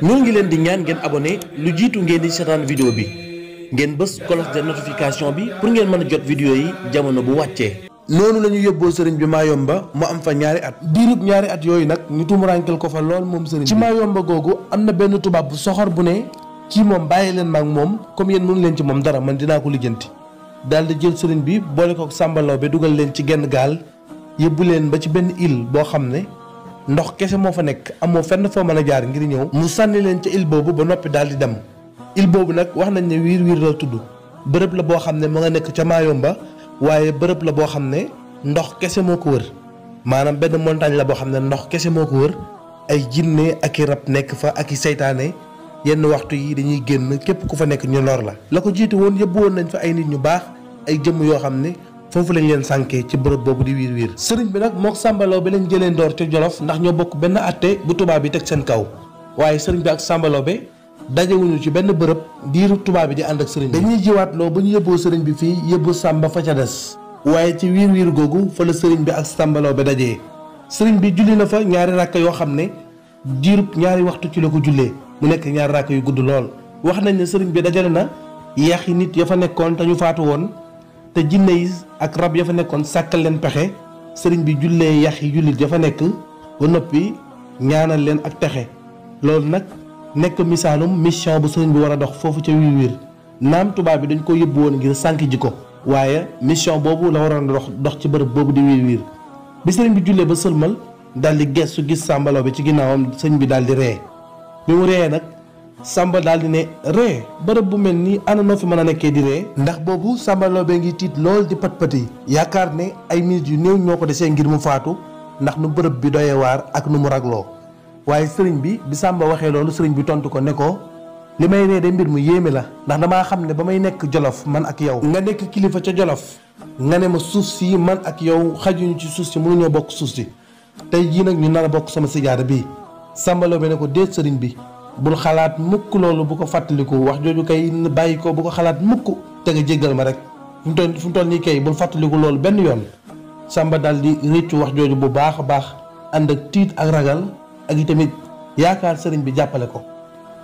ñoo ngi leen di ñaan ngeen abonné lu jiitu ngeen di seetaan vidéo bi ngeen bës cloche de notification bi pour ngeen mën a jot vidéo yi jamono bu wàccee. noonu la ñu yóbboo sëriñ bi Mayomba mu am fa ñaari at diirub ñaari at yooyu nag ñu tumurànkel ko fa lool moom sëriñ bi ma Mayomba googu am na benn tubaab bu soxor bu ne ci moom bàyyi leen maag moom comme yéen mënu leen ci moom dara man dinaa ko lijjanti daal di jël sëriñ bi boole ko sàmbalaw bi dugal leen ci genn gaal yóbbu leen ba ci benn île boo xam ne ndox kese moo fa nekk amoo fenn foo mën a jaar ngir ñëw mu sànni leen ca île boobu ba noppi daal di dem île boobu nag wax nañ ne wiir wiir la tudd bërëb la boo xam ne ma nga nekk ca ba waaye bërëb la boo xam ne ndox kese moo ko wër maanaam benn montagne la boo xam ne ndox kese moo ko wër ay jinne ak i rab nekk fa ak i seytaane yenn waxtu yi dañuy génn képp ku fa nekk ñu lor la la ko jiitu woon yëbbu woon nañ fa ay nit ñu baax ay jëmm yoo xam ne foofu lañ leen sànkee ci bërëb boobu di wiir wiir sëriñ bi nag moo sàmbalaw bi leen jëlee ndoor ca jolof ndax ñoo bokk benn atte bu tubaab bi teg seen kaw waaye sëriñ bi ak sàmbalaw bi dajewuñu ci benn bërëb diiru tubaab bi di ànd ak sëriñ bi dañuy jiwaatloo ba ñu yóbboo sëriñ bi fii yóbbu sàmba fa ca des waaye ci wiir wiir googu fa sëriñ bi ak sàmbalaw bi dajee sëriñ bi julli na fa ñaari ràkk yoo xam ne diirub ñaari waxtu ci la ko jullee mu nekk ñaari ràkk yu gudd lool wax nañ ne sëriñ bi dajale na yax yi nit ya fa nekkoon te faatu woon te jinne yi ak rab ya fa nekkoon sàkkal leen pexe sëriñ bi jullee yax yi jullit ya fa nekk ba noppi ñaanal leen ak texe loolu nag nekk misaalum mission bu sëriñ bi war a dox foofu ca wiir wiir naam tubaab bi dañ ko yóbbu woon ngir sànq ji ko waaye mission boobu la waroon dox dox ci bërëb boobu di wiir wiir bi sëriñ bi jullee ba sëlmal daal di gestu gis sàmbaloo bi ci ginnaawam sëriñ bi daal di ree bi mu ree nag Samba daal di ne ree bërëb bu mel nii ana noo fi mën a nekkee di ree ndax boobu Samba Laobé ngi tiit lool di pat pati yaakaar ne ay minutes yu néew ñoo ko desee ngir mu faatu ndax nu bërëb bi doyee waar ak nu mu ragloo waaye sëriñ bi bi Samba waxee loolu sëriñ bi tontu ko ne ko li may ree de mbir mu yéeme la ndax dama xam ne ba may nekk jolof man ak yow nga nekk kilifa ca jolof nga ne ma suuf si man ak yow xajuñu ci suuf si mënuñoo bokk suuf si tey jii nag ñu nar bokk sama sijaada bii Samba Laobé ne ko déet sëriñ bi bul xalaat mukk loolu bu ko fàttaliku wax jooju kay bàyyi ko bu ko xalaat mukk te nga jéggal ma rek fu mu toll fu mu toll nii kay bul fàttaliku loolu benn yoon Samba dal di réccu wax jooju bu baax a baax ànd ak tiit ak ragal ak itamit yaakaar sëriñ bi jàppale ko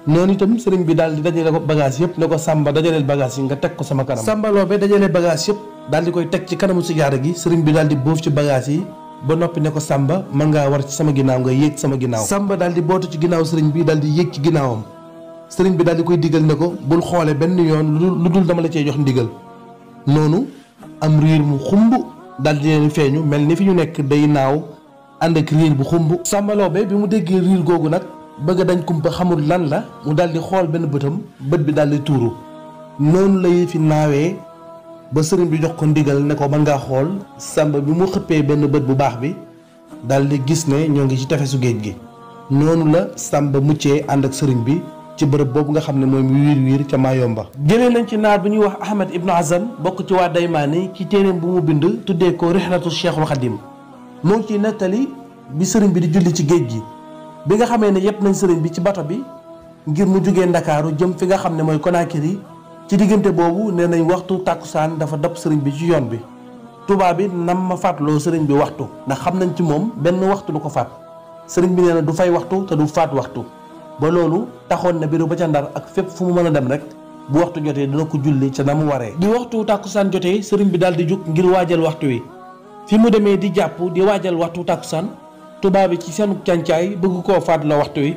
noonu itam sëriñ bi daal di dajale ko bagage yëpp ne ko Samba dajaleel bagage yi nga teg ko sama kanam Samba Lobé dajale bagage yëpp daal di koy teg ci kanamu sigaara gi sëriñ bi daal di bóof ci bagage yi ba noppi ne ko Samba man ngaa war ci sama ginnaaw nga yéeg sama ginnaaw. Samba daal di bootu ci ginnaaw sëriñ bi daal di yéeg ci ginnaawam sëriñ bi daal di koy digal ne ko bul xoole benn yoon lu dul dama la cee jox ndigal noonu am riir mu xumb daal di leen feeñu mel ni fi ñu nekk day naaw ànd ak riir bu xumb. Samba bi mu déggee riir googu nag bëgg dañ kumpa xamul lan la mu daal di xool benn bëtam bët bi daal di tuuru noonu lay fi naawee. ba sëriñ bi jox ko ndigal ne ko mën ngaa xool sàmba bi mu xëppee benn bët bu baax bi daal di gis ne ñoo ngi ci tefesu géej gi noonu la sàmba muccee ànd ak sëriñ bi ci bërëb boobu nga xam ne mooy wiir wiir ca Mayomba. génne nañ ci naar bi ñuy wax Ahmed Ibnu Azam bokk ci waa Daymaani ci téeréem bu mu bind tuddee ko Rihlatu Cheikhul Khadim moo ngi ciy nettali bi sëriñ bi di julli ci géej gi bi nga xamee ne yëpp nañ sëriñ bi ci bato bi ngir mu jugee Ndakaaru jëm fi nga xam ne mooy Conakry ci diggante boobu nee nañ waxtu tàkkusaan dafa dab sëriñ bi ci yoon bi tubaab bi nam ma fàttaloo sëriñ bi waxtu ndax xam nañ ci moom benn waxtu du ko faat sëriñ bi nee na du fay waxtu te du faat waxtu ba loolu taxoon na biiru ba ca ndar ak fépp fu mu mën a dem rek bu waxtu jotee dina ko julli ca na mu waree. bi waxtu tàkkusaan jotee sëriñ bi daal di jug ngir waajal waxtu wi fi mu demee di jàpp di waajal waxtu tàkkusaan tubaab bi ci seenu càncaay bëgg koo faat la waxtu wi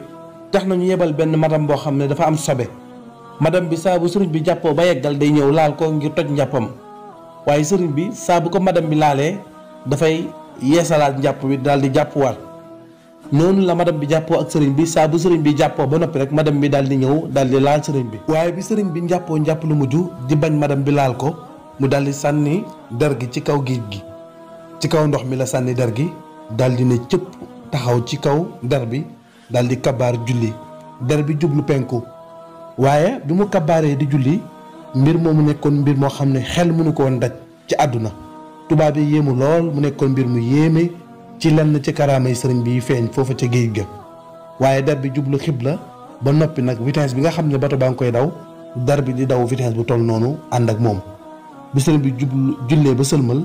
tax nañu yebal benn madam boo xam ne dafa am sobe. madam bi saa bu sëriñ bi jàppoo ba yeggal day ñëw laal ko ngir toj njàppam waaye sëriñ bi saa ko madam bi laalee dafay yeesalaat njàpp bi daal di jàppuwaat noonu la madam bi jàppoo ak sëriñ bi saa bu sëriñ bi jàppoo ba noppi rek madame bi daal di ñëw daal di laal sëriñ bi waaye bi sëriñ bi njàppoo njàpp lu mujj di bañ madame bi laal ko mu daal di sànni der gi ci kaw géej gi ci kaw ndox mi la sànni der gi daldi di ne cëpp taxaw ci kaw der bi daal di kabaar julli der bi jublu penku waaye bi mu kabaaree di julli mbir moomu nekkoon mbir moo xam ne xel mënu ko woon daj ci àdduna tubaab yi yéemu lool mu nekkoon mbir mu yéeme ci lenn ci karaamay sëriñ bi feeñ foofa ca géej ga waaye dar bi jublu la ba noppi nag vitesse bi nga xam ne bato baa ngi koy daw dar bi di daw vitesse bu toll noonu ànd ak moom bi sëriñ bi jublu jullee ba sëlmal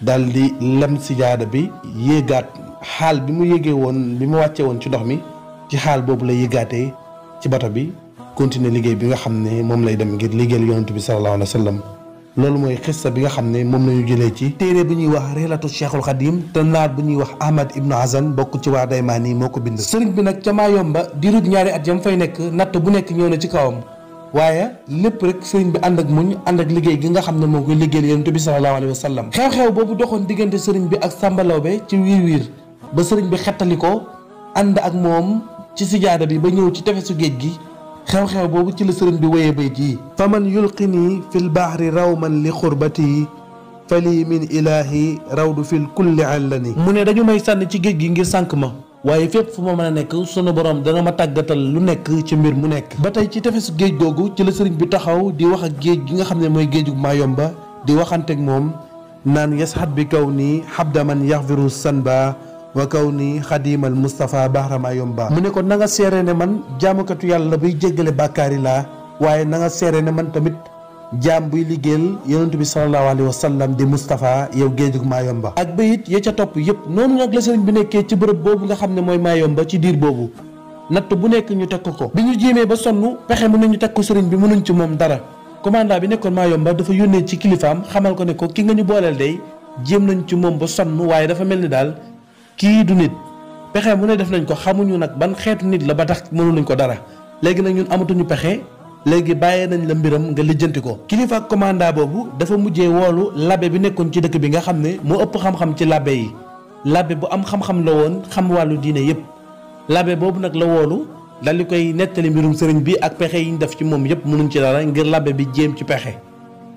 daal di lem si jaada bi yéegaat xaal bi mu yégee woon bi mu wàccee woon ci ndox mi ci xaal boobu la yéegaatee ci bato bi continuer liggéey bi nga xamne mom lay dem ngir liggéeyal yonent bi sallallahu alayhi wasallam lolou moy xissa bi nga xamne mom lañu jele ci téré bu ñuy wax relatu cheikhul khadim te naat bu ñuy wax ahmad ibnu hasan bokku ci wa daymani moko bind serigne bi nak ci ma yomba di rut ñaari at yam fay nek nat bu nek ñëw na ci kawam waye lépp rek serigne bi ànd ak muñ ànd ak liggéey gi nga xamne mo ngi koy liggéeyal yonent bi sallallahu alayhi wasallam xew-xew bobu doxone diggante serigne bi ak sambalaw be ci wir wir ba serigne bi xettaliko ànd ak mom ci sijaada bi ba ñëw ci tefesu géej gi xew-xew boobu ci la sëriñ bi man bayt yi faman baax rii raw man li xurbati fali min ilahi rawdu fil kulli allani mu ne dañu may sànni ci géej gi ngir sànq ma waaye fépp fu ma mën a nekk sunu borom dana ma tàggatal lu nekk ci mbir mu nekk ba tey ci tefesu géej googu ci la sëriñ bi taxaw di wax ak géej gi nga xam ne mooy géeju Mayomba di waxanteeg moom naan yasxat bi kaw nii yax yaxfiru sanba wa kaw nii xadimal Moustapha Bahrama Yomba. mu ne ko na nga seere ne man jaamukatu yàlla buy jéggale bàkkaari laa waaye na nga seere ne man tamit jaam buy liggéeyal yonent bi sallallahu alayhi wa sallam di Moustapha yow géejug maa yomba. ak bayit ya ca topp yëpp noonu nag la sëriñ bi nekkee ci bërëb boobu nga xam ne mooy maa yomba ci diir boobu natt bu nekk ñu teg ko ko. bi ñu jéemee ba sonn pexe mën nañu teg ko sëriñ bi mënuñ ci moom dara commandant bi nekkoon maa yomba dafa yónnee ci kilifaam xamal ne ko ki nga ñu booleel day jéem nañ ci moom ba sonn waaye mel ni daal kii du nit pexe mu ne def nañ ko xamuñu nag ban xeetu nit la ba tax mënuñ ko dara léegi nag ñun amatuñu pexe léegi bàyyee nañ la mbiram nga lijjanti ko. kilifa commanda boobu dafa mujje woolu labbe bi nekkoon ci dëkk bi nga xam ne moo ëpp xam-xam ci labbe yi labbe bu am xam-xam la woon xam wàllu diine yépp labbe boobu nag la woolu dal di koy nettali mbirum sëriñ bi ak pexe yi ñu def ci moom yépp mënuñ ci dara ngir labbe bi jéem ci pexe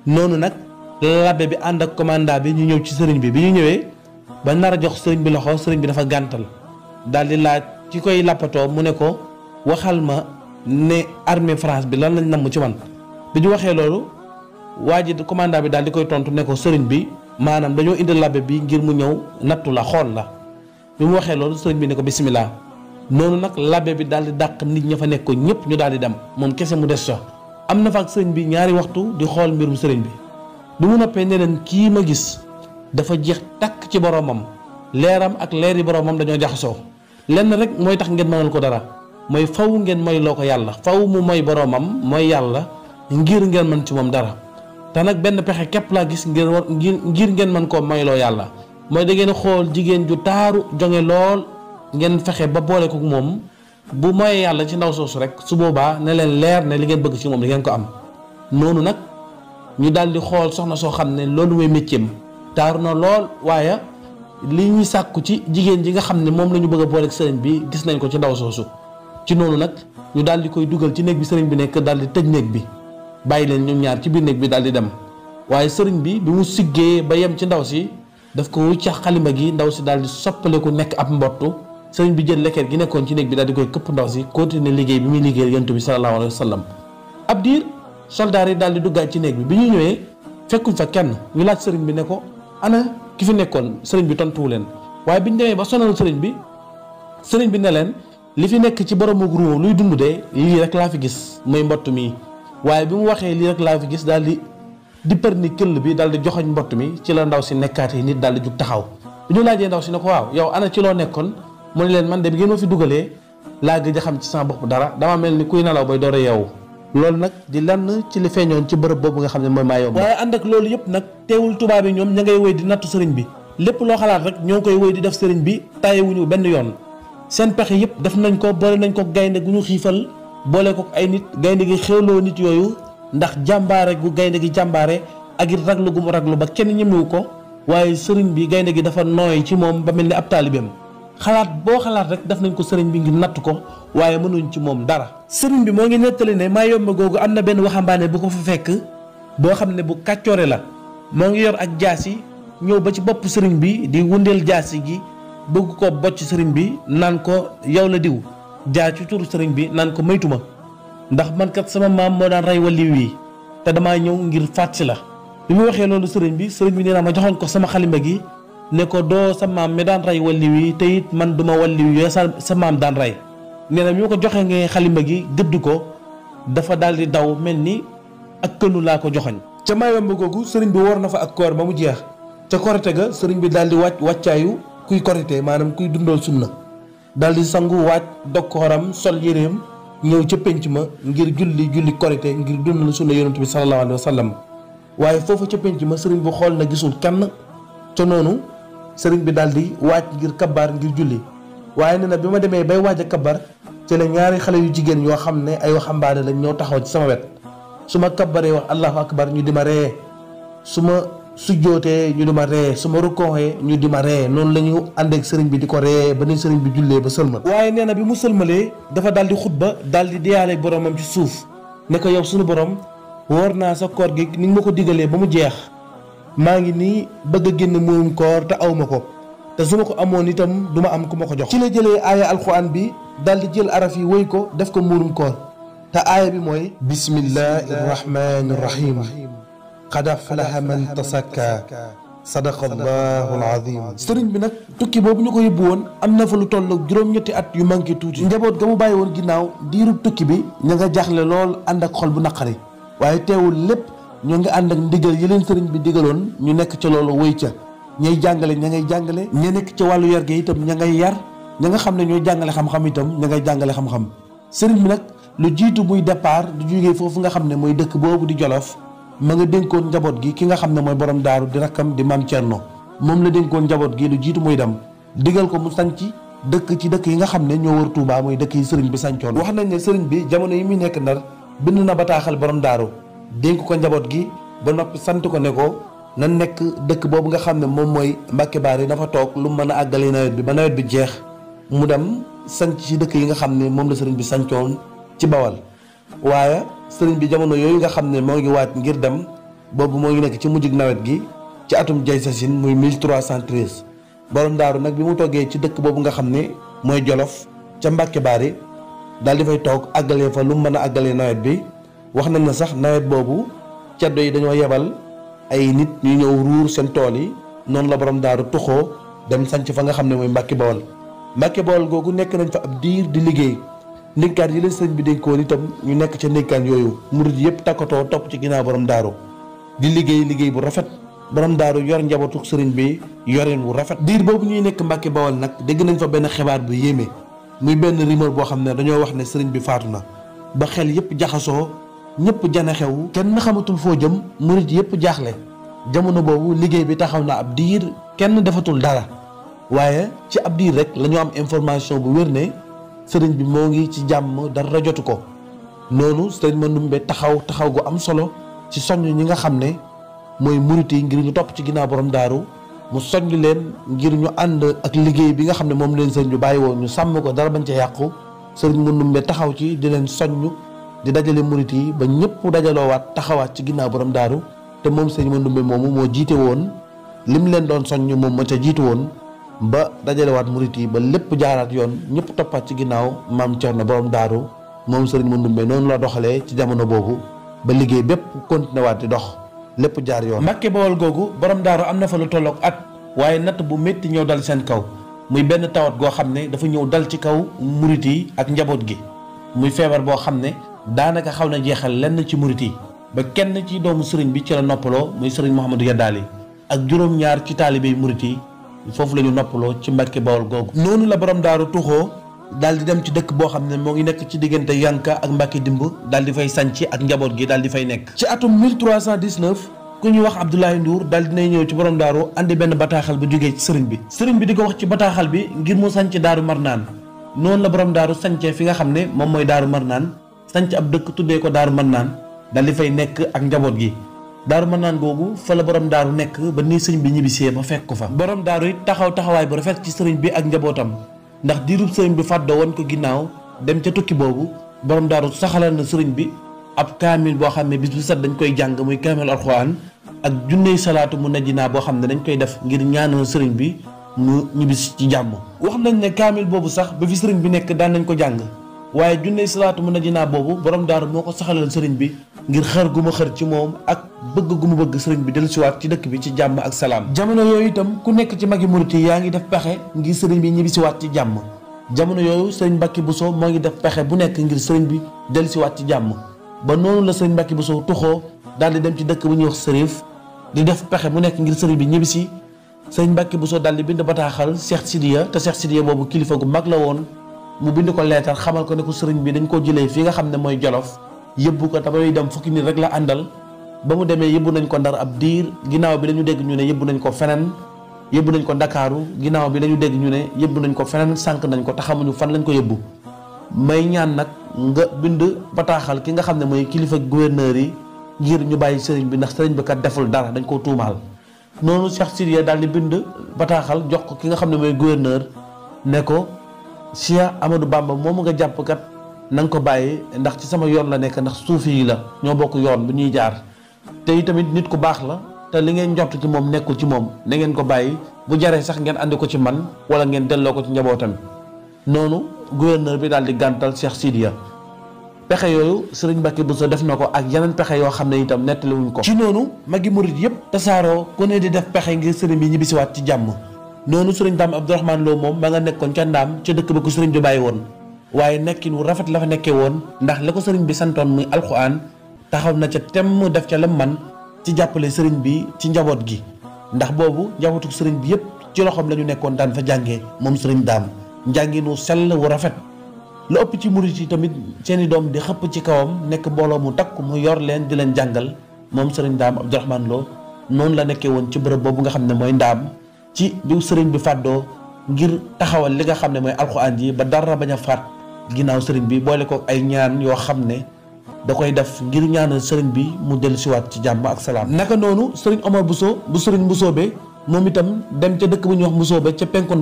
noonu nag labbe bi ànd ak commanda bi ñu ñëw ci sëriñ bi bi ñu ñëwee. ba nar a jox sëriñ bi loxo sëriñ bi dafa gàntal daal di laaj ci koy mu ne ko waxal ma ne armée France bi lan lañ namm ci man bi ñu commandant bi daal di koy tontu ne ko sëriñ bi maanaam dañoo indi labbe bi ngir mu ñëw nattu la xool la bi mu waxee loolu bi ne ko bisimilah noonu nag labbe bi daal di dàq nit ña nekk ko ñu daal di dem moom kese mu fa ak bi ñaari waxtu di xool mbirum sëriñ bi bi mu noppee ne ma gis dafa jeex tak ci boromam leram ak leeri boromam dañoo jaxasoo lenn rek mooy tax ngeen mënal ko dara mooy faw ngeen mooy loo ko yàlla faw mu mooy boromam mooy yàlla ngir ngeen man ci moom dara te nag benn pexe képp laa gis ngir war ngir ngeen mën koo moyloo yàlla mooy da ngeen xool jigéen ju taaru jonge lool ngeen fexe ba boole ko moom bu moyee yàlla ci ndaw soosu rek su boobaa ne leen leer ne li ngeen bëgg ci moom ngeen ko am noonu nag ñu daal di xool soxna métier taaru na lool waaye li ñuy sàkku ci jigéen ji nga xam ne moom la ñu bëgg a booleeg sëriñ bi gis nañ ko ci ndaw soosu ci noonu nag ñu daal di koy dugal ci néeg bi sëriñ bi nekk daal di tëj néeg bi bàyyi leen ñoom ñaar ci biir néeg bi daal di dem waaye sëriñ bi bi mu siggee ba yem ci ndaw si daf ko wuccax xalima gi ndaw si daal di soppaleku nekk ab mbottu sëriñ bi jël lekkeet gi nekkoon ci néeg bi daal di koy këpp ndaw si continuer liggéey bi muy liggéey yonent bi sallallahu alayhi wa sallam ab diir soldaar yi daal di ci néeg bi bi ñu ñëwee fekkuñ fa kenn ñu laaj sëriñ bi ne ko ana ki fi nekkoon sëriñ bi tontuwu leen waaye bi ñu demee ba sonal sëriñ bi sëriñ bi ne leen li fi nekk ci boromu ruuma luy dund de lii rek laa fi gis muy mbott mi waaye bi mu waxee lii rek laa fi gis daal di di për ni këll bi daal di joxoñ mbott mi ci la ndaw si nekkaat yi nit daal di jug taxaw bi ñu laajee ndaw si ne ko waaw yow ana ci loo nekkoon mu ne leen man de bi ngeen ma fi dugalee laa gëj a xam ci sama bopp dara dama mel ni kuy nelaw bay door a loolu nag di lenn ci li feeñoon ci bërëb boobu nga xam ne mooy maa yomb waaye ànd ak loolu yëpp nag teewul tubaab yi ñoom ña ngay woy di nattu sëriñ bi lépp loo xalaat rek ñoo koy wéy di def sëriñ bi tàyyiwuñu benn yoon seen pexe yëpp def nañ ko bëri nañ ko gaynde gu ñu xiifal boole ko ay nit gaynde gi xéwloo nit yooyu ndax jàmbaare gu gaynde gi jàmbaare ak it raglu gu mu raglu ba kenn ñemewu ko waaye sëriñ bi gaynde gi dafa nooy ci moom ba mel ni ab taalibeem xalaat boo xalaat rek def nañ ko sëriñ bi ngi natt ko waaye mënuñ ci moom dara. sëriñ bi moo ngi nettali ne maa yomb googu am na benn waxambaane bu ko fa fekk boo xam ne bu kàccoore la moo ngi yor ak jaas ñëw ba ci bopp sëriñ bi di wundeel jaas yi gi bëgg ko bocc sëriñ bi naan ko yow la diw jaar ci turu sëriñ bi naan ko maytu ndax man kat sama maam moo daan rey waliw yi te damaa ñëw ngir fàtt si la. bi mu waxee loolu sëriñ bi sëriñ bi ne naa ma joxoon ko sama xalimba gi. ne ko doo sa maam mi daan rey walli wi te man duma walli wi sa sa maam daan rey nee na bi ko joxee ngee xalima gi gëdd ko dafa daal di daw mel ni ak kënu laa ko joxoñ ca maayomb googu sëriñ bi wor na fa ak koor ba mu jeex ca korite ga sëriñ bi daal di wàcc wàccaayu kuy korite maanaam kuy dundool sunna daal di sangu waaj dog kooram sol yéreem ñëw ca pénc ma ngir julli julli korite ngir dundal sunna yonent bi sallallahu alayhi wa sallam waaye foofu ca pénc ma sëriñ bi xool na gisul kenn ca noonu Sering bi daal di wàcc ngir kabaar ngir julli waaye nee na bay waaj kabar ci la ñaari xale yu jigéen yoo xam ne ay waxambaane lañ ñoo taxaw ci sama wet su ma kabaree wax allahu akbar ñu di ma ree su ma sujjootee ñu di ma ree su ma rukkooxee ñu di ma ree noonu la ñu ànd ak sëriñ bi di ko ba ni sëriñ bi ba bi dafa daal di xutba daal di boromam ci suuf ne ko yow sunu borom woor sa koor gi ni nga ma ba mu jeex maa ngi nii bëgg a génn muum koor te awma ko te su ma ko amoon itam du ma am ku ma ko jox ci la jëlee aaya alxuraan bi daldi di jël araf yi woy ko def ko muurum koor te aaya bi mooy bismillahi irrahmani irrahim qad aflaha man tasakka sadaqa allahu alazim sëriñ bi nag tukki boobu ñu ko yóbbu woon am na fa lu toll juróom-ñetti at yu manqué tuuti njaboot ga mu bàyyi woon ginnaaw diiru tukki bi ña nga jaaxle lool ànd ak xol bu naqari waaye teewul lépp ñoo ngi ànd ak ndigal yi leen sëriñ bi digaloon ñu nekk ca loolu wéy ca ñay jàngale ña ngay jàngale ña nekk ca wàllu yar gi itam ña ngay yar ña nga xam ne ñooy jàngale xam-xam itam ña ngay jàngale xam-xam sëriñ bi nag lu jiitu muy départ du jógee foofu nga xam ne mooy dëkk boobu di Jolof ma nga dénkoon njaboot gi ki nga xam ne mooy borom daaru di rakkam di maam Cerno moom la dénkoon njaboot gi lu jiitu muy dem digal ko mu sanc dëkk ci dëkk yi nga xam ne ñoo wër Touba mooy dëkk yi sëriñ bi sancoon wax nañ ne sëriñ bi jamono yi muy nekk Ndar bind na bataaxal borom daaru dénk ko njaboot gi ba noppi sant ko ne ko na nekk dëkk boobu nga xam ne moom mooy Mbàkke Baari dafa toog lu mën a àggalee nawet bi ba nawet bi jeex mu dem sanc ci dëkk yi nga xam ne moom la sëriñ bi sancoon ci bawal waaye sëriñ bi jamono yooyu nga xam ne moo ngi waaj ngir dem boobu moo ngi nekk ci mujjug nawet gi ci atum jay sasin muy 1313 borom daaru nag bi mu toggee ci dëkk boobu nga xam ne mooy Jolof ca Mbàkke Baari daal di fay toog àggalee fa lu mën a àggalee nawet bi wax nañ na sax nawet boobu ceddo yi dañoo yebal ay nit ñu ñëw ruur seen tool yi noonu la borom daaru tuxoo dem sanc fa nga xam ne mooy Mbàkke Bawol Mbàkke Bawol googu nekk nañ fa ab diir di liggéey ndénkaan yi leen sëñ bi dénkoon itam ñu nekk ca ndénkaan yooyu murid yëpp takkatoo topp ci ginnaaw borom daaru di liggéey liggéey bu rafet borom daaru yor njabootu sëriñ bi yorin wu rafet diir boobu ñuy nekk Mbàkke Bawol nag dégg nañ fa benn xibaar bu yéeme muy benn rumeur boo xam ne dañoo wax ne sëriñ bi faatu na ba xel yëpp jaxasoo ñëpp jana xew kenn xamatul foo jëm murit yëpp jaaxle jamono boobu liggéey bi taxaw na ab diir kenn defatul dara waaye ci ab diir rek la am information bu wér ne sëriñ bi moo ngi ci jàmm dara jotu ko noonu sëriñ Mandoumbe taxaw taxaw gu am solo ci soññ ñi nga xam ne mooy murit yi ngir ñu topp ci ginnaaw borom daaru mu soññ leen ngir ñu ànd ak liggéey bi nga xam ne moom leen sëriñ bi bàyyi woon ñu sàmm ko dara bañ ca yàqu sëriñ Mandoumbe taxaw ci di leen di dajale murit yi ba ñëpp dajaloowaat taxawaat ci ginnaaw borom daaru te moom sëñ Mandumbe moomu moo jiite woon lim leen doon soññ moom ma ca jiitu woon ba dajalewaat murit yi ba lépp jaaraat yoon ñëpp toppaat ci ginnaaw maam Cerno borom daaru moom sëriñ Mandumbe noonu la doxalee ci jamono boobu ba liggéey bépp continué waat di dox lépp jaar yoon. Mbàkke Bawol googu borom fa lu at waaye natt bu métti ñëw dal seen kaw muy benn tawat goo xam ne dafa ñëw dal ci kaw murit yi ak njaboot gi muy feebar daanaka xaw na jeexal lenn ci murit yi ba kenn ci doomu sëriñ bi ci la noppaloo muy sëriñ Mouhamadou Yaddaali ak juróom-ñaar ci taalibey murit yi foofu la ñu noppaloo ci Mbàkke Bawol googu noonu la borom daaru tuxoo daal di dem ci dëkk boo xam ne moo ngi nekk ci diggante Yanka ak Mbàkke Dimb daal di fay sànci ak njaboot gi daal di fay nekk ci atum 1319 ku ñuy wax Abdoulaye Ndour daal dinay ñëw ci borom daaru andi benn bataaxal bu jógee ci bi sëriñ bi di ko wax ci bataaxal bi ngir mu sànc daaru Marnaan noonu la borom daaru sàncee fi nga xam ne moom mooy daaru Marnaan sanc ab dëkk tuddee ko daaru mën naan dal di fay nekk ak njaboot gi daaru mën naan googu fa la borom daaru nekk ba ni sëñ bi ñibbisee ba fekk ko fa borom daaru taxaw taxawaay bu rafet ci sëriñ bi ak njabootam ndax diirub sëriñ bi fàddoo woon ko ginnaaw dem ca tukki boobu borom daaru saxalal na sëriñ bi ab kaamil boo xam ne bis bu set dañ koy jàng muy kaamil alxuraan ak junney salaatu mu najji naa boo xam ne dañ koy def ngir ñaanal sëriñ bi mu ñibbis ci jàmm wax nañ ne kaamil boobu sax ba fi bi nekk daan nañ ko jàng waaye junne salaatu mën na jinaa boobu borom daaru moo ko saxalal sëriñ bi ngir xër gu ma xër ci moom ak bëgg gu ma bëgg sëriñ bi dellusiwaat ci dëkk bi ci jàmm ak salaam jamono yooyu itam ku nekk ci magi murit yaa ngi def pexe ngir sëriñ bi ñibbisiwaat ci jàmm jamono yooyu sëriñ Mbacke Bousso moo ngi def pexe bu nekk ngir sëriñ bi dellusiwaat ci jàmm ba noonu la sëriñ bu Bousso tuxoo daal di dem ci dëkk bu ñuy wax sërif di def pexe bu nekk ngir sëriñ bi ñibbisi sëriñ Mbacke bu daal di bind bataaxal Cheikh Sidiya te Cheikh Sidiya boobu kilifa gu mag la woon mu bind ko leetal xamal ko ne ko sëriñ bi dañ koo jëlee fi nga xam ne mooy jolof yëbbu ko damay dem fukki nit rek la àndal ba mu demee yëbbu nañ ko ndar ab diir ginnaaw bi dañu dégg ñu ne yëbbu nañ ko feneen yëbbu nañ ko ndakaaru ginnaaw bi dañu dégg ñu ne yëbbu nañ ko feneen sànq nañ ko taxamuñu fan lañ ko yëbbu may ñaan nag nga bind bataaxal ki nga xam ne mooy kilifa gouverneur yi ngir ñu bàyyi sëriñ bi ndax sëriñ bi kat deful dara dañ koo tuumaal noonu Cheikh Sidiya daal di bind bataaxal jox ko ki nga xam ne mooy gouverneur ne ko sia Amadou Bamba moomu nga jàpp kat na nga ko bàyyi ndax ci sama yoon la nekk ndax suufi yi la ñoo bokk yoon bu ñuy jaar te itamit nit ku baax la te li ngeen njort ci moom nekkul ci moom na ngeen ko bàyyi bu jaree sax ngeen andi ko ci man wala ngeen delloo ko ci njabootam noonu gouverneur bi daal di gàntal Cheikh Sidiya pexe yooyu sëriñ Mbacke Bousso def na ak ne itam nettaliwuñ ko. ci nonu magi murid yëpp tasaaroo ko ne di def pexe ngir sëriñ bi ñibbisiwaat ci noonu sëriñ daam Abdourahmane Lo moom ma nga nekkoon ca ndaam ca dëkk ba ko sëriñ bi bàyyi woon waaye nekkin wu rafet la fa nekkee woon ndax la ko sëriñ bi santoon muy alxuraan taxaw na ca temm def ca lam man ci jàppale sëriñ bi ci njaboot gi ndax boobu njabootu sëriñ bi yëpp ci loxoom la ñu nekkoon daan fa jàngee moom sëriñ daam njànginu sell wu rafet lu ëpp ci murit yi tamit seeni doom di xëpp ci kawam nekk mbooloo mu takk mu yor leen di leen jàngal moom sëriñ daam Abdourahmane Lo noonu la nekkee woon ci bërëb boobu nga xam ne ndaam ci diw sëriñ bi fàddoo ngir taxawal li nga xam ne mooy alxuraan ji ba dara bañ a faat ginnaaw sëriñ bi boole ko ay ñaan yoo xam ne da koy def ngir ñaanal sëriñ bi mu dellu siwaat ci jàmm ak salaam naka noonu sëriñ Omar Bousso bu sëriñ Mbusoobe moom itam dem ca dëkk bu ñuy wax Mbusoobe ca penku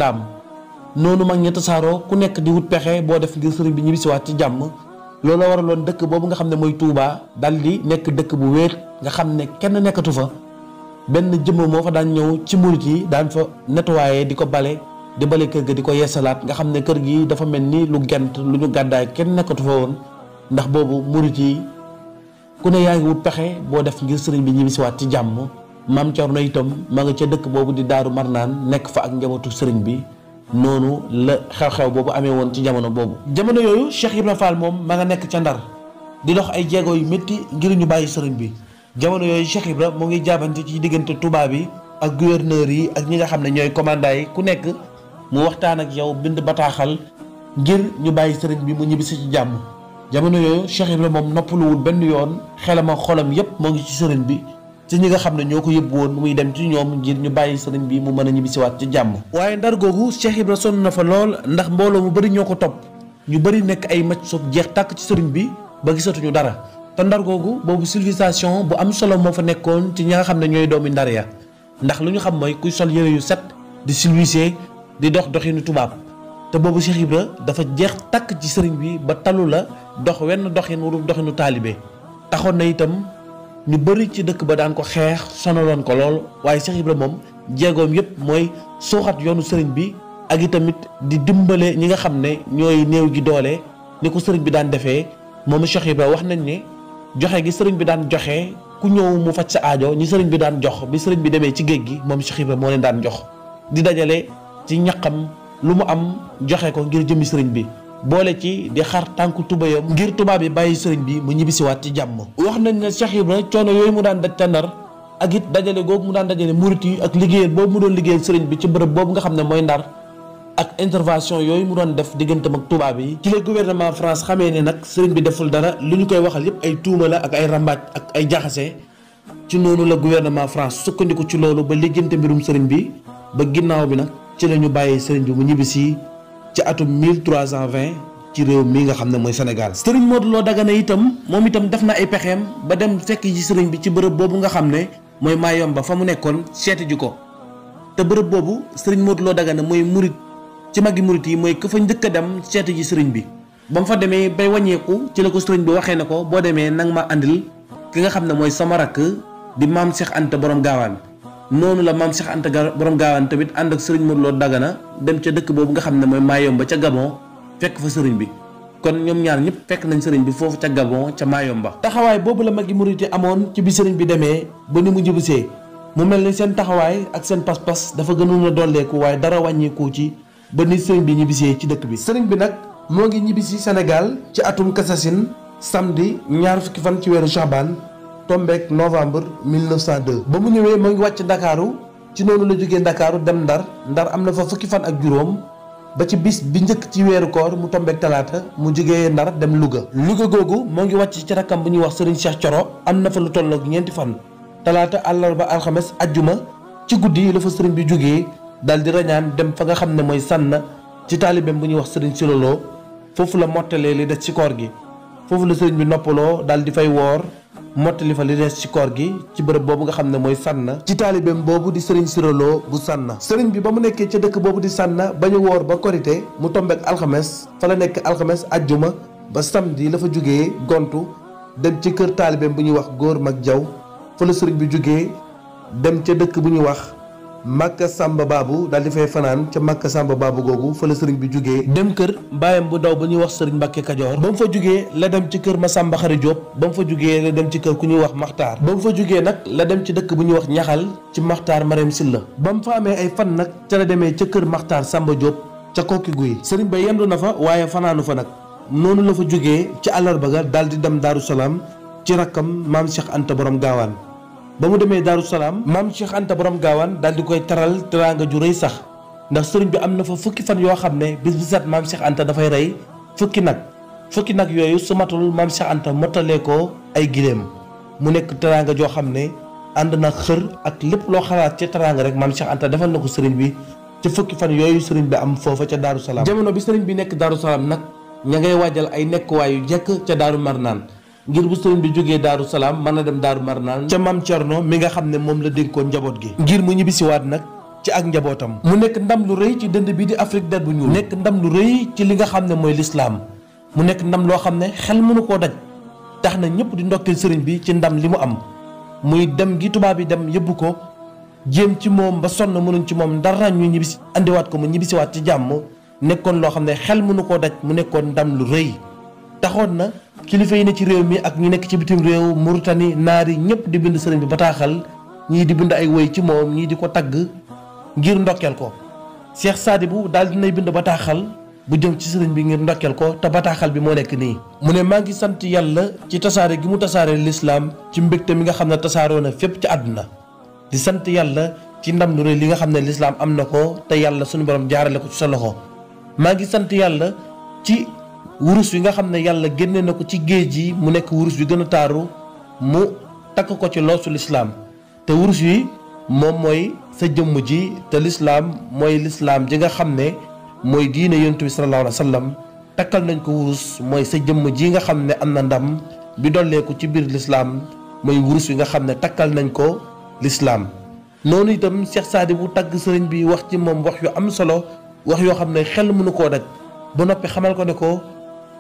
noonu mag ñett tasaaroo ku nekk di wut pexe boo def ngir sëriñ bi ñibbisiwaat ci jàmm loolu waraloon dëkk boobu nga xam ne mooy Touba dal di nekk dëkk bu wéer nga xam ne kenn nekkatu fa ben jëmm moo fa daan ñëw ci murit yi daan fa nettoyé di ko bale di bale kër ga di ko yeesalaat nga xam ne kër gi dafa mel ni lu gent lu ñu gàddaay kenn nekkatu fa woon ndax boobu murit yi ku ne yaa wut pexe boo def ngir sëriñ bi ñibbi siwaat ci jàmm maam Cerno itam ma nga dëkk di daaru marnaan nekk fa ak njabootu sëriñ bi noonu la xew-xew boobu amee woon ci jamono boobu jamono yooyu Cheikh Ibrahima Fall moom ma nga nekk ca Ndar di dox ay jéego yu métti ngir ñu sëriñ bi jamono yooyu Cheikh Ibra mu ngi jaabante ci diggante tubaab yi ak gouverneur yi ak ñi nga xam ne ñooy commandant yi ku nekk mu waxtaan ak yow bind bataaxal ngir ñu bàyyi sëriñ bi mu ñibbisi ci jàmm jamono yooyu Cheikh Ibra moom noppaluwul benn yoon xelam ak xolam yépp moo ngi ci sëriñ bi ci ñi nga xam ne ñoo ko yëpp woon muy dem ci ñoom ngir ñu bàyyi sëriñ bi mu mën a ñibbisiwaat ci jàmm. waaye ndar googu Cheikh Ibra sonn na fa lool ndax mbooloo mu bari ñoo ko topp ñu bari nekk ay macc soob jeex tàkk ci sëriñ bi ba dara te ndar googu boobu civilisation bu am solo moo fa nekkoon ci ñi nga xam ne ñooy doomi ndar ya ndax lu ñu xam mooy kuy sol yëre yu set di silwisee di dox doxinu tubaab te boobu Cheikh Ibra dafa jeex takk ci sëriñ bi ba talu la dox wenn doxin wurul doxinu taalibe taxoon na itam ñu bëri ci dëkk ba daan ko xeex sonaloon ko lool waaye Cheikh Ibra moom jéegoom yépp mooy suuxat yoonu sëriñ bi ak itamit di dimbale ñi nga xam ne ñooy néew ji doole ni ko sëriñ bi daan defee moom Cheikh Ibra wax nañ ne joxe gi sëriñ bi daan joxe ku ñëw mu faj sa aajo ñi sëriñ bi daan jox bi sëriñ bi demee ci géej gi moom Cheikh Ibra moo leen daan jox di dajale ci ñaqam lu mu am joxe ko ngir jëmi sëriñ bi boole ci di xar tànku tubayam ngir tubaab yi bàyyi sëriñ bi mu ñibbisiwaat ci jàmm. wax nañ ne Cheikh Ibra coono yooyu mu daan daj ca Ndar ak it dajale googu mu daan dajale murit yi ak liggéeyal boobu mu doon liggéeyal sëriñ bi ci bërëb boobu nga xam ne mooy Ndar ak intervention yooyu mu doon def digganteem ak tubaab yi ci la gouvernement France xamee ne nag sëriñ bi deful dara lu ñu koy waxal yépp ay tuuma la ak ay rambaaj ak ay jaxase ci noonu la gouvernement France sukkandiku ci loolu ba lijjante mbirum sëriñ bi ba ginnaaw bi nag ci la ñu bàyyee sëriñ bi mu ñibbisi ci atum 1320 ci réew mii nga xam ne mooy Sénégal. sëriñ moot loo Dagana itam moom itam def na ay pexeem ba dem fekk ci sëriñ bi ci bërëb boobu nga xam ne mooy Mayomba fa mu nekkoon seeti ko ci magi murit yi mooy ka fa njëkk a dem seeti ji sëriñ bi ba mu fa demee bay wàññeeku ci la ko sëriñ bi waxee ne ko boo demee nang ma àndil ki nga xam ne mooy sama rakk di maam Cheikh Anta borom gaawaan noonu la maam Cheikh Anta borom gaawaan tamit ànd ak sëriñ Modou Lo Dagana dem ca dëkk boobu nga xam ne mooy Mayomba ca Gabon fekk fa sëriñ bi kon ñoom ñaar ñëpp fekk nañ sëriñ bi foofu ca Gabon ca Mayomba. taxawaay boobu la magi murit yi amoon ci bi sëriñ bi demee ba ni mu jubisee mu mel ni seen taxawaay ak seen pas-pas dafa gënoon a dolleeku waaye dara wàññeeku ci ba ni sëriñ bi ñibbisee ci dëkk bi sëriñ bi nag moo ngi ñibbisi senegal ci atum kasasin samdi ñaar fukki fan ci weeru Chaban tombeek novembre 1902 ba mu ñëwee moo ngi wàcc ndakaaru ci noonu la jógee ndakaaru dem ndar ndar am na fa fukki fan ak juróom ba ci bis bi njëkk ci weeru koor mu tombeek talaata mu jógee ndar dem Louga Louga googu moo ngi wàcc ci rakkam bu ñuy wax sëriñ Cheikh Coro am na fa lu tolloog ñeenti fan talaata àllarba alxames ajjuma ci guddi la fa sëriñ bi jógee daal di rañaan dem fa nga xam ne mooy sànn ci taalibeem bu ñuy wax sëriñ siloloo foofu la mottalee li des ci koor gi foofu la sëriñ bi noppaloo daal di fay woor mottali fa li des ci koor gi ci bërëb boobu nga xam ne mooy sànn ci taalibeem boobu di sëriñ siroloo bu sànn sëriñ bi ba mu nekkee ca dëkk boobu di sànn ba ñu woor ba korite mu tombeek alxames fa la nekk alxames ajjuma ba samedi la fa jógee gontu dem ci kër taalibeem bu ñuy wax góor mag jaw fa sëriñ bi jógee dem ca dëkk bu ñuy wax Makka Samba Babou daal di fay fanaan ca Makka Samba Babou googu fa la sëriñ bi jugee dem kër baayam bu ndaw ba ñuy wax sëriñ Mbàkke Kajoor ba mu fa jugee la dem ci kër ma Xari Diop ba mu fa jugee la dem ci kër ku ñuy wax Maxtaar ba mu fa jugee nag la dem ci dëkk bu ñuy wax ñaxal ci Maxtaar Marème la ba mu fa amee ay fan nag ca la demee ca kër Maxtaar Samba Diop ca kokki guy sëriñ ba yendu na fa waaye fanaanu fa nag noonu la fa jógee ci àllarba ga daal di dem Daaru Salaam ci rakkam maam Cheikh Anta borom gaawaan ba mu demee Daaru Salaam maam Cheikh Anta borom gaawaan daal di koy taral teraanga ju rëy sax ndax sëriñ bi am na fa fukki fan yoo xam ne bis bu set maam dafay rey fukki nag fukki nag yooyu su matul maam Cheikh mottalee ko ay gileem mu nekk teraanga joo xam ne ànd na xër ak lépp loo xalaat ca teraanga rek maam Cheikh Anta defal na ko sëriñ bi ci fukki fan yooyu sëriñ bi am foofa ca Daaru Salaam. jamono bi sëriñ bi nekk Daaru Salaam nag ña ngay waajal ay nekkuwaay yu jekk ca Daaru Marnaan ngir bu sëriñ bi jógee daaru salaam mën a dem daaru marnaan ca mam Cerno mi nga xam ne moom la dénkoon njaboot gi ngir mu ñibbisiwaat nag ci ak njabootam mu nekk ndam lu rëy ci dënd bi di Afrique der bu ñuul nekk ndam lu rëy ci li nga xam ne mooy lislaam mu nekk ndam loo xam ne xel mënu koo daj tax na ñëpp di ndokkeel sëriñ bi ci ndam li mu am muy dem gi tubaab yi dem yëbbu ko jéem ci moom ba sonn mënuñ ci moom dara ñu ñibbisi indiwaat ko mu ñibbisiwaat ci jàmm nekkoon loo xam ne xel mënu koo daj mu nekkoon ndam lu rëy taxoon na kilifa yi ne ci réew mi ak ñi nekk ci bitim réew Mauritanie naar yi ñëpp di bind sëriñ bi bataaxal ñii di bind ay woy ci moom ñii di ko tagg ngir ndokkeel ko Cheikh Sadibou daal nay bind bataaxal bu jëm ci sëriñ bi ngir ndokkeel ko te bataaxal bi moo nekk nii mu ne maa ngi sant yàlla ci tasaare gi mu tasaare lislaam ci mbégte mi nga xam ne tasaaroo na fépp ci àdduna di sant yàlla ci ndam lu rëy li nga xam ne lislaam am na ko te yàlla suñu borom jaarale ko ci sa loxo wurus wi nga xam ne yàlla génne na ko ci géej gi mu nekk wurus wi gën taaru mu takk ko ci loosu lislaam te wurus wi moom mooy sa jëmm ji te lislaam mooy lislaam ji nga xam ne mooy diine yontu bi sallallahu alayhi wa takkal nañ ko wurus mooy sa jëmm ji nga xam ne am na ndam bi dolleeku ci biir lislaam mooy wurus wi nga xam ne takkal nañ ko lislaam noonu itam Cheikh Saadi bu tagg sëriñ bi wax ci moom wax yu am solo wax yoo xam ne xel mënu koo daj ba noppi xamal ko ne ko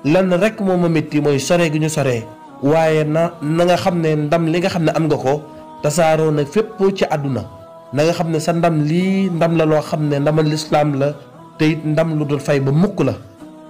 lan rek moo ma métti mooy sore gi ñu sore waaye na na nga xam ne ndam li nga xam ne am nga ko tasaaroo nag fépp ci àdduna na nga xam ne sa ndam lii ndam la loo xam ne ndamal lislaam la te it ndam lu dul fay ba mukk la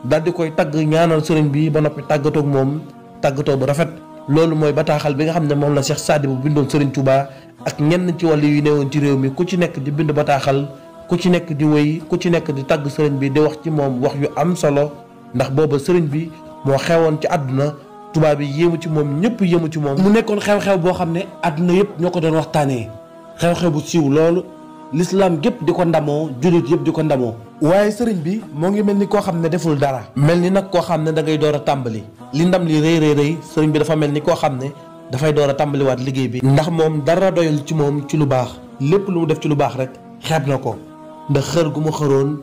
daal di koy tagg ñaanal sëriñ bi ba noppi tàggatoo moom tàggatoo bu rafet loolu mooy bataaxal bi nga xam ne moom la Cheikh Sadibou bindoon sëriñ tubaa ak ñenn ci wàll yu newoon ci réew mi ku ci nekk di bind bataaxal ku ci nekk di wéy ku ci nekk di tagg sëriñ bi di wax ci moom wax yu am solo ndax booba sëriñ bi moo xewoon ci àdduna tubaab yi yéemu ci moom ñëpp yëmu ci moom. mu nekkoon xew-xew boo xam ne àdduna yëpp ñoo ko doon waxtaanee xew-xew bu siiw loolu lislaam gépp di ko ndamoo jullit yëpp di ko ndamoo. waaye sëriñ bi moo ngi mel ni koo xam ne deful dara. mel ni nag koo xam ne da ngay door a tàmbali. li ndam li rey rëy rey sëriñ bi dafa mel ni koo xam ne dafay door a tàmbaliwaat liggéey bi. ndax moom dara doyul ci moom ci lu baax lépp lu def ci lu baax rek xeeb na ko ndax gu mu xëroon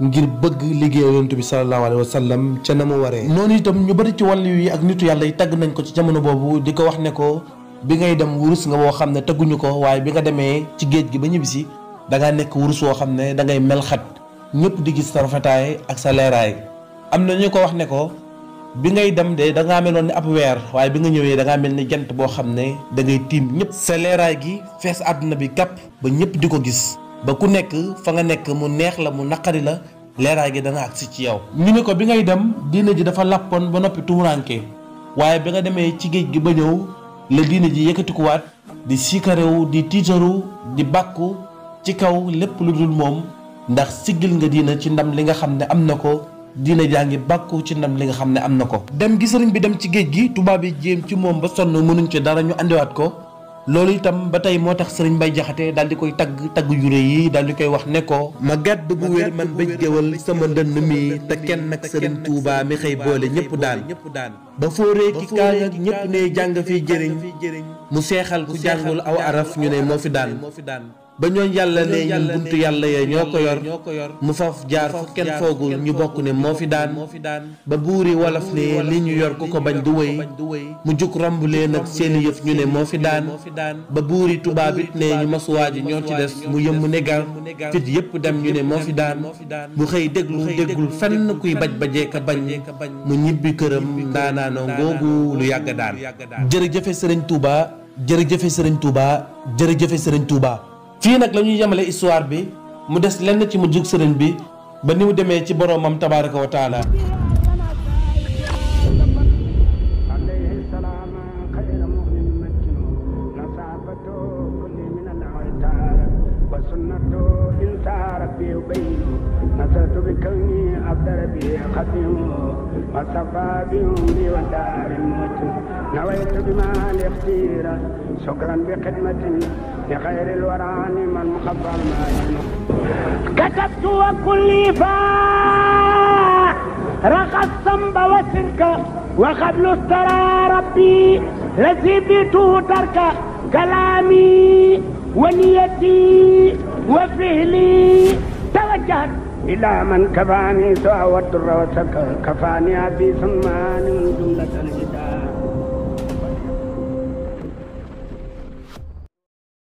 ngir bëgg liggéeyal yonent bi sallallahu alayhi wa sallam ca na mu waree noonu itam ñu bari ci wàllu yi ak nitu yàlla yi tagg nañ ko ci jamono boobu di ko wax ne ko bi ngay dem wurus nga woo xam ne tagguñu ko waaye bi nga demee ci géej gi ba ñibbisi da ngaa nekk wurus woo xam ne da ngay mel xat ñëpp di gis sa ak sa leeraay am na ñu ko wax ne ko bi ngay dem de da ngaa meloon ne ab weer waaye bi nga ñëwee da mel ni jant boo xam ne dangay ngay tiim ñëpp sa leeraay gi fees àdduna bi kàpp ba ñëpp di ko gis ba ku nekk fa nga nekk mu neex la mu naqari la leeraay gi dana agsi ci yow. ñu ne ko bi ngay dem diina ji dafa làppoon ba noppi tumuraanke waaye bi nga demee ci géej gi ba ñëw la diine ji yëkkatikuwaat di siikarewu di tiitaru di bàkku ci kaw lépp lu dul moom ndax siggil nga diina ci ndam li nga xam ne am na ko diina jaa ngi bàkku ci ndam li nga xam ne am na ko. dem gi sëriñ bi dem ci géej gi tubaab yi jéem ci moom ba sonn mënuñ ci dara ñu andiwaat ko. loolu itam ba tey moo tax sëriñ bay Jaxate daal di koy tagg tagg jure yi daal di koy wax ne ko ma gàdd bu wér man bëj géwal sama ndënd mi te kenn nag sëriñ Touba mi xëy boole ñëpp daan ba fóoree ki kaan ak ñëpp ne jàng fi jëriñ mu seexal ku jàngul aw araf ñu ne moo fi daan ba ñooñ yàlla ne ñun buntu yàlla yee ñoo ko yor mu faf jaar fu kenn foogul ñu bokk ne moo fi daan ba buuri wolof ne li ñu yor ku ko bañ du wéy mu jug romb leen ak seeni yëf ñu ne moo fi daan ba buuri tubaab it ne ñu masuwaa ji ñoo ci des mu yëmm ne gar fit yëpp dem ñu ne moo fi daan mu xëy déglu déggul fenn kuy baj bajee ka bañ mu ñibbi këram ndaanaanoo ngoogu lu yàgg daan jër jërëjëfe sëriñ Touba jërëjëfe sëriñ Touba jërëjëfe sëriñ Touba fii nag la ñuy yemale histoire bi mu des lenn ci mu jug sëriñ bi ba ni mu demee ci boroomam tabaaraka wa taala شكرا بخدمة لخير الورى نعم المخفر ما كتبت وكلي رخى الصنب وسرك وخبل استرى ربي لزبته ترك كلامي ونيتي وفهلي توجهت إلى من كفاني سوى والضر وسكر كفاني أبي سمان من جملة الهداية